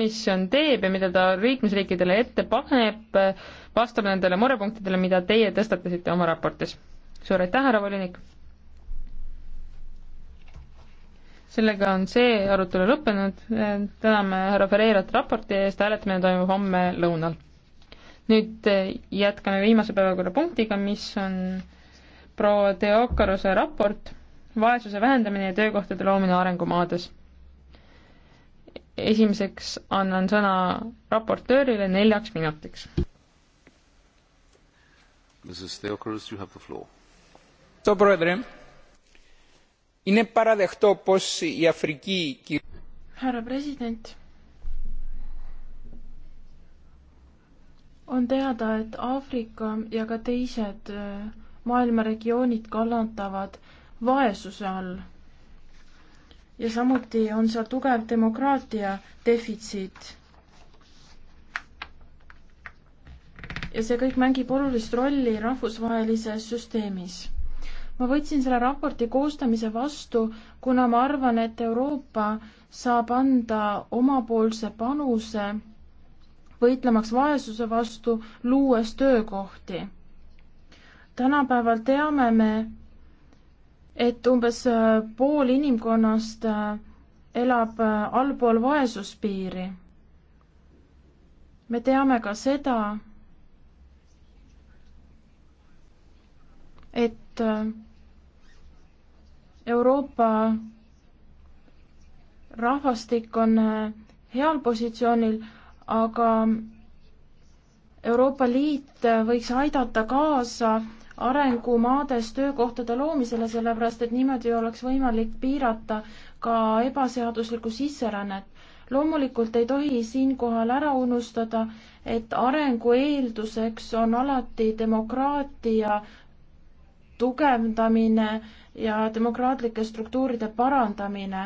komisjon teeb ja mida ta liikmesriikidele ette paneb, vastab nendele murepunktidele, mida teie tõstatasite oma raportis. suur aitäh, härra volinik! sellega on see arutelu lõppenud, täname härra Ferreirat raporti eest, hääletamine toimub homme lõunal. nüüd jätkame viimase päevakorrapunktiga, mis on proua Teokaruse raport, vaesuse vähendamine ja töökohtade loomine arengumaades esimeseks annan sõna raportöörile neljaks minutiks. härra president. on teada, et Aafrika ja ka teised äh, maailma regioonid kannatavad vaesuse all ja samuti on seal tugev demokraatia defitsiit. ja see kõik mängib olulist rolli rahvusvahelises süsteemis. ma võtsin selle raporti koostamise vastu, kuna ma arvan, et Euroopa saab anda omapoolse panuse võitlemaks vaesuse vastu, luues töökohti. tänapäeval teame me, et umbes äh, pool inimkonnast äh, elab äh, allpool vaesuspiiri. me teame ka seda, et Euroopa rahvastik on heal positsioonil, aga Euroopa Liit võiks aidata kaasa arengumaades töökohtade loomisele, sellepärast et niimoodi oleks võimalik piirata ka ebaseaduslikku sisserännet. loomulikult ei tohi siinkohal ära unustada, et arengu eelduseks on alati demokraatia tugevdamine ja demokraatlike struktuuride parandamine.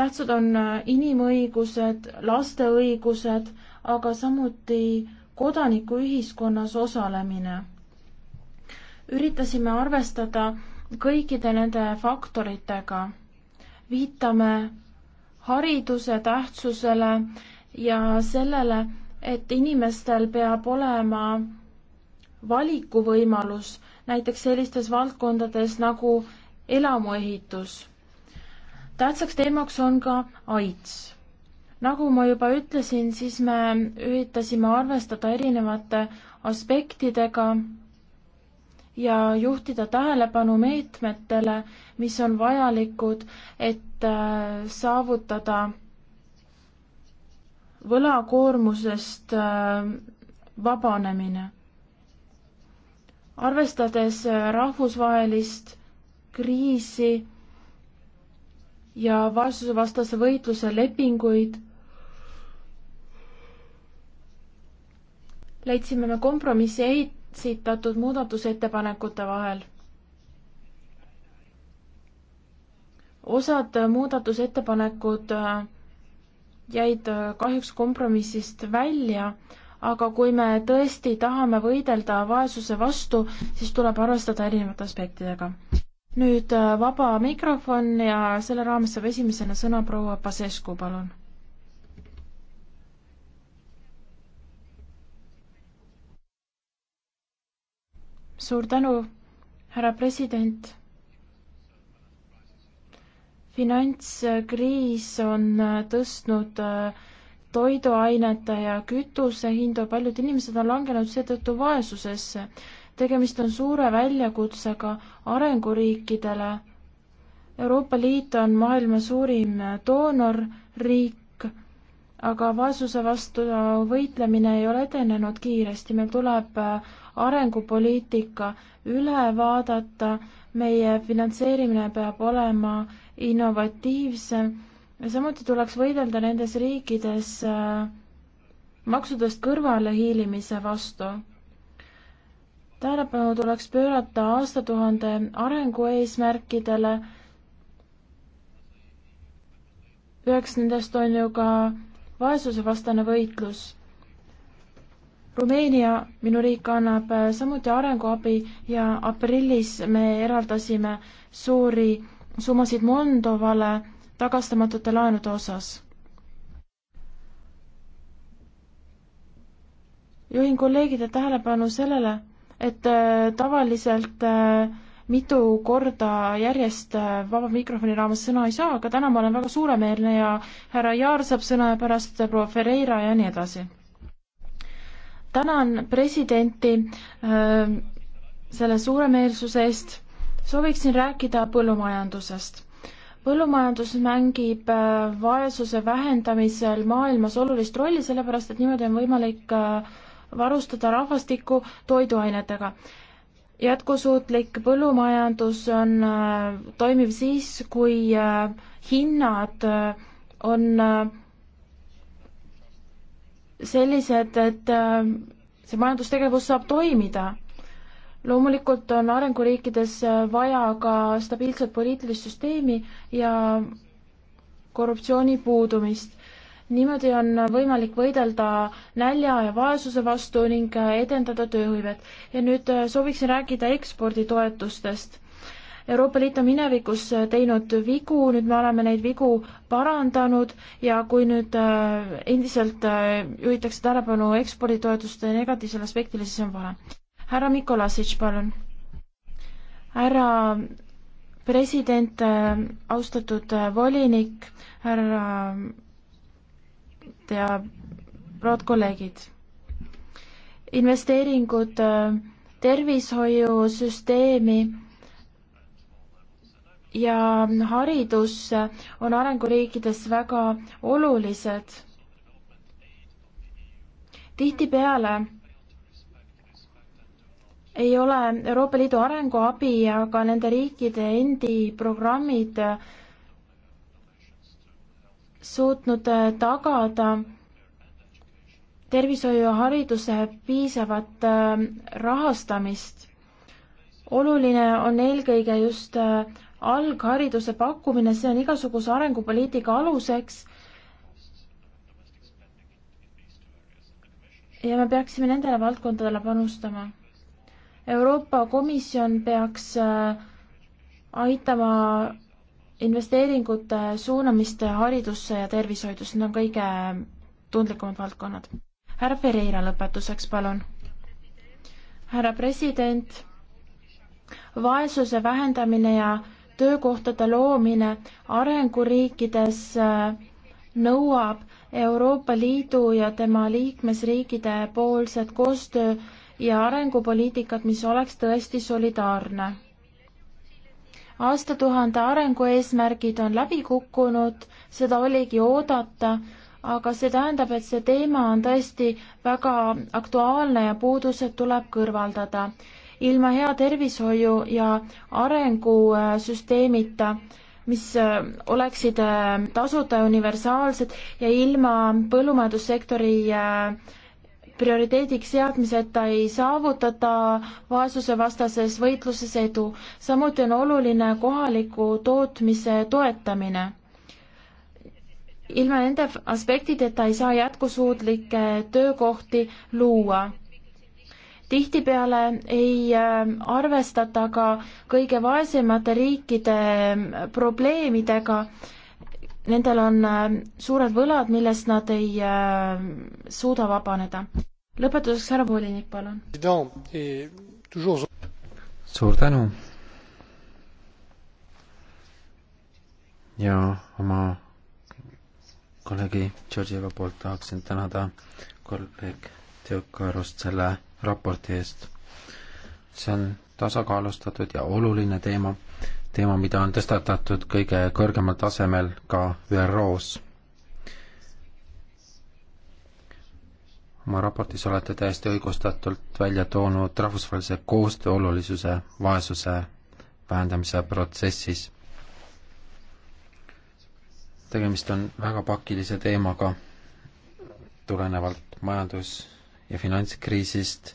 tähtsad on inimõigused, laste õigused, aga samuti kodanikuühiskonnas osalemine üritasime arvestada kõikide nende faktoritega. viitame hariduse tähtsusele ja sellele, et inimestel peab olema valikuvõimalus näiteks sellistes valdkondades nagu elamuehitus. tähtsaks teemaks on ka AIDS. nagu ma juba ütlesin, siis me üritasime arvestada erinevate aspektidega ja juhtida tähelepanu meetmetele, mis on vajalikud, et äh, saavutada võlakoormusest äh, vabanemine. arvestades äh, rahvusvahelist kriisi ja vaesusevastase võitluse lepinguid, leidsime me kompromissi eit-, esitatud muudatusettepanekute vahel. osad muudatusettepanekud äh, jäid äh, kahjuks kompromissist välja, aga kui me tõesti tahame võidelda vaesuse vastu, siis tuleb arvestada erinevate aspektidega. nüüd äh, vaba mikrofon ja selle raames saab esimesena sõna proua Pasescu, palun suur tänu, härra president. finantskriis on äh, tõstnud äh, toiduainete ja kütuse hindu, paljud inimesed on langenud seetõttu vaesusesse. tegemist on suure väljakutsega arenguriikidele. Euroopa Liit on maailma suurim äh, doonorriik, aga vaesuse vastu võitlemine ei ole edenenud kiiresti, meil tuleb arengupoliitika üle vaadata, meie finantseerimine peab olema innovatiivsem ja samuti tuleks võidelda nendes riikides äh, maksudest kõrvalehiilimise vastu. tähelepanu tuleks pöörata aastatuhande arengueesmärkidele. üheks nendest on ju ka vaesusevastane võitlus Rumeenia, minu riik, annab äh, samuti arenguabi ja aprillis me eraldasime suuri summasid Moldovale tagastamatute laenude osas juhin kolleegide tähelepanu sellele, et äh, tavaliselt äh, mitu korda järjest vaba mikrofoni raames sõna ei saa, aga täna ma olen väga suuremeelne ja härra Jaar saab sõna ja pärast proua Ferreira ja nii edasi tänan presidenti äh, selle suuremeelsuse eest. sooviksin rääkida põllumajandusest. põllumajandus mängib äh, vaesuse vähendamisel maailmas olulist rolli, sellepärast et niimoodi on võimalik äh, varustada rahvastikku toiduainetega. jätkusuutlik põllumajandus on toimiv siis, kui hinnad on sellised, et äh, see majandustegevus saab toimida. loomulikult on arenguriikides äh, vaja ka stabiilset poliitilist süsteemi ja korruptsiooni puudumist. niimoodi on võimalik võidelda nälja ja vaesuse vastu ning äh, edendada tööhõivet. ja nüüd sooviksin rääkida eksporditoetustest Euroopa Liit on minevikus äh, teinud vigu, nüüd me oleme neid vigu parandanud ja kui nüüd äh, endiselt äh, juhitakse tähelepanu eksporditoetuste negatiivsele aspektile, siis on vale. härra Mikolasic, palun. härra president, austatud volinik, härra ja head kolleegid. investeeringud tervishoiusüsteemi ja haridus on arenguriikides väga olulised. tihtipeale ei ole Euroopa Liidu arenguabi ja ka nende riikide endi programmid suutnud tagada tervishoiu ja hariduse piisavat äh, rahastamist. oluline on eelkõige just äh, alghariduse pakkumine, see on igasuguse arengupoliitika aluseks. ja me peaksime nendele valdkondadele panustama. Euroopa Komisjon peaks äh, aitama investeeringute suunamist haridusse ja tervishoidu, need on kõige tundlikumad valdkonnad. härra Pereira lõpetuseks, palun. härra president, vaesuse vähendamine ja töökohtade loomine arenguriikides äh, nõuab Euroopa Liidu ja tema liikmesriikide poolset koostöö ja arengupoliitikat, mis oleks tõesti solidaarne. aastatuhande arengueesmärgid on läbi kukkunud, seda oligi oodata, aga see tähendab, et see teema on tõesti väga aktuaalne ja puudused tuleb kõrvaldada ilma hea tervishoiu ja arengusüsteemita, mis äh, oleksid äh, tasuta universaalsed ja ilma põllumajandussektori äh, prioriteediks seadmiseta ei saavutata vaesusevastases võitluses edu. samuti on oluline kohaliku tootmise toetamine. ilma nende aspektideta ei saa jätkusuutlikke töökohti luua tihtipeale ei äh, arvestata ka kõige vaesemate riikide ähm, probleemidega. Nendel on ähm, suured võlad, millest nad ei ähm, suuda vabaneda. lõpetuseks härra volinik, palun. suur tänu. ja oma kolleegi Georgieva poolt tahaksin tänada kolleeg Teokarost selle raporti eest. see on tasakaalustatud ja oluline teema, teema, mida on tõstatatud kõige kõrgemal tasemel ka ÜRO-s. oma raportis olete täiesti õigustatult välja toonud rahvusvahelise koostöö olulisuse vaesuse vähendamise protsessis. tegemist on väga pakilise teemaga tulenevalt majandus- ja finantskriisist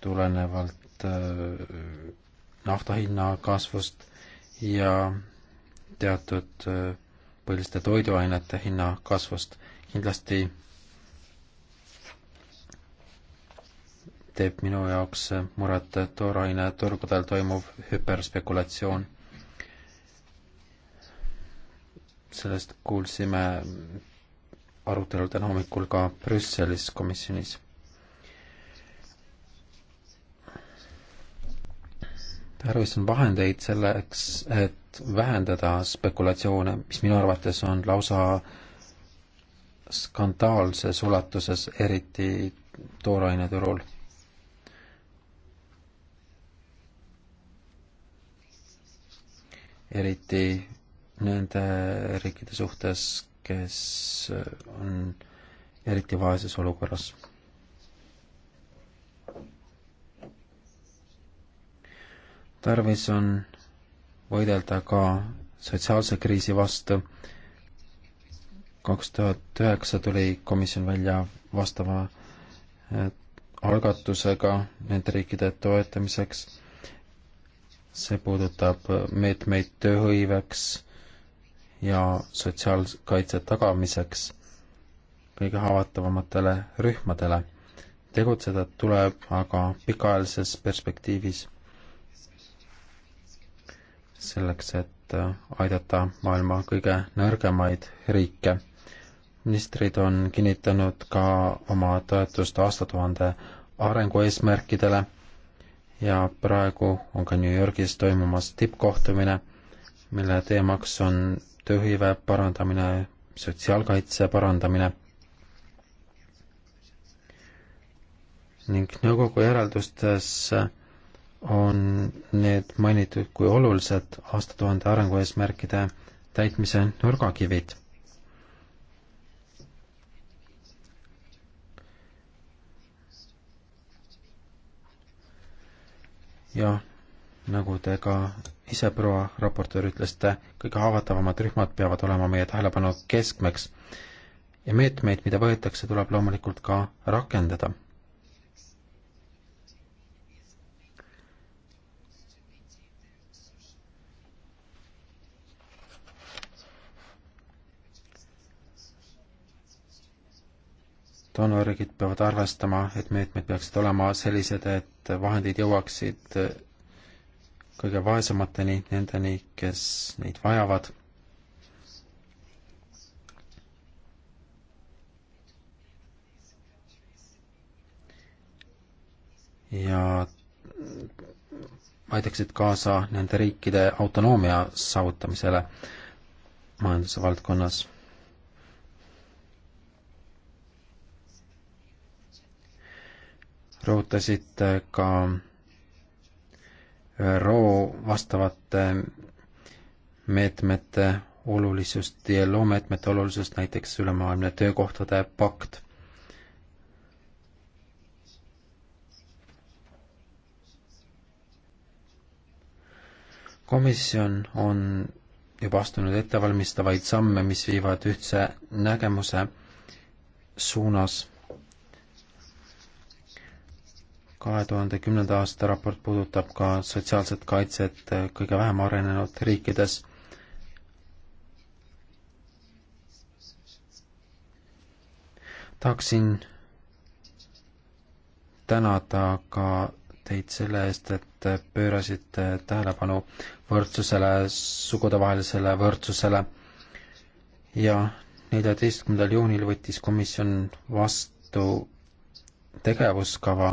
tulenevalt äh, nafta hinna kasvust ja teatud äh, põhiliste toiduainete hinna kasvust. kindlasti teeb minu jaoks äh, muret tooraine turgudel toimuv hüperspekulatsioon. sellest kuulsime arutelul täna hommikul ka Brüsselis komisjonis tarvis on vahendeid selleks, et vähendada spekulatsioone, mis minu arvates on lausa skandaalses ulatuses, eriti tooraineturul. eriti nende riikide suhtes, kes on eriti vaeses olukorras tarvis on võidelda ka sotsiaalse kriisi vastu. kaks tuhat üheksa tuli komisjon välja vastava eh, algatusega nende riikide toetamiseks. see puudutab eh, meetmeid tööhõiveks ja sotsiaalkaitse tagamiseks kõige haavatavamatele rühmadele. tegutseda tuleb aga pikaajalises perspektiivis selleks, et äh, aidata maailma kõige nõrgemaid riike. ministrid on kinnitanud ka oma toetust aastatuhande arengueesmärkidele ja praegu on ka New Yorgis toimumas tippkohtumine, mille teemaks on tööhõive parandamine, sotsiaalkaitse parandamine ning nõukogu järeldustes on need mainitud kui olulised aastatuhande arengueesmärkide täitmise nurgakivid. ja nagu te ka ise, proua raportöör, ütlesite, kõige haavatavamad rühmad peavad olema meie tähelepanu keskmeks ja meetmeid, mida võetakse, tuleb loomulikult ka rakendada doonorriigid peavad arvestama, et meetmed peaksid olema sellised, et vahendid jõuaksid kõige vaesemateni, nendeni, kes neid vajavad. ja aitaksid kaasa nende riikide autonoomia saavutamisele majanduse valdkonnas rõhutasite ka ÜRO vastavate meetmete olulisust ja loomeetmete olulisust, näiteks ülemaailmne töökohtade pakt. komisjon on juba astunud ettevalmistavaid samme, mis viivad ühtse nägemuse suunas kahe tuhande kümnenda aasta raport puudutab ka sotsiaalset kaitset eh, kõige vähem arenenud riikides. tahaksin tänada ka teid selle eest, et pöörasite tähelepanu võrdsusele, sugudevahelisele võrdsusele ja neljateistkümnendal juunil võttis komisjon vastu tegevuskava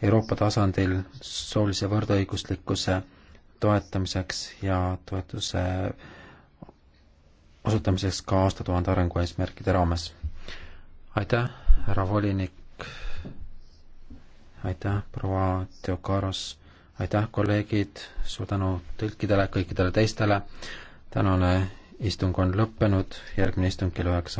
Euroopa tasandil soolise võrdõiguslikkuse toetamiseks ja toetuse osutamiseks ka aastatuhande arengu eesmärkide raames. aitäh, härra volinik, aitäh, proua Teokaros, aitäh, kolleegid, suur tänu tõlkidele, kõikidele teistele, tänane istung on lõppenud, järgmine istung kell üheksa.